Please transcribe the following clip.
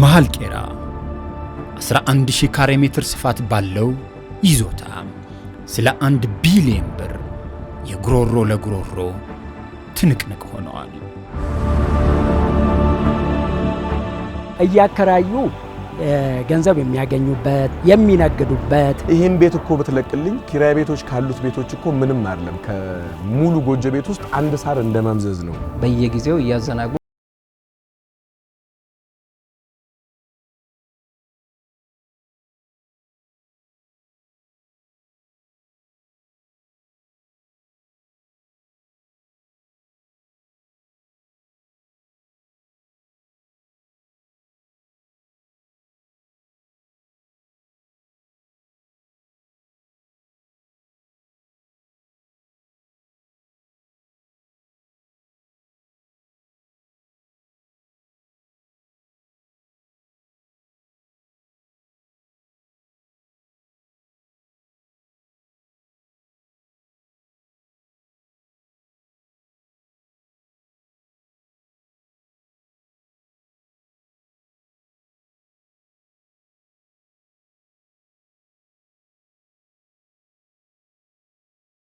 በመሃል ቄራ 11000 ካሬ ሜትር ስፋት ባለው ይዞታ ስለ አንድ ቢሊዮን ብር የጉሮሮ ለጉሮሮ ትንቅንቅ ሆነዋል። እያከራዩ ገንዘብ የሚያገኙበት የሚነግዱበት። ይህን ቤት እኮ ብትለቅልኝ ኪራይ ቤቶች ካሉት ቤቶች እኮ ምንም አይደለም። ከሙሉ ጎጆ ቤት ውስጥ አንድ ሳር እንደ መምዘዝ ነው። በየጊዜው እያዘናጉ